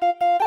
Música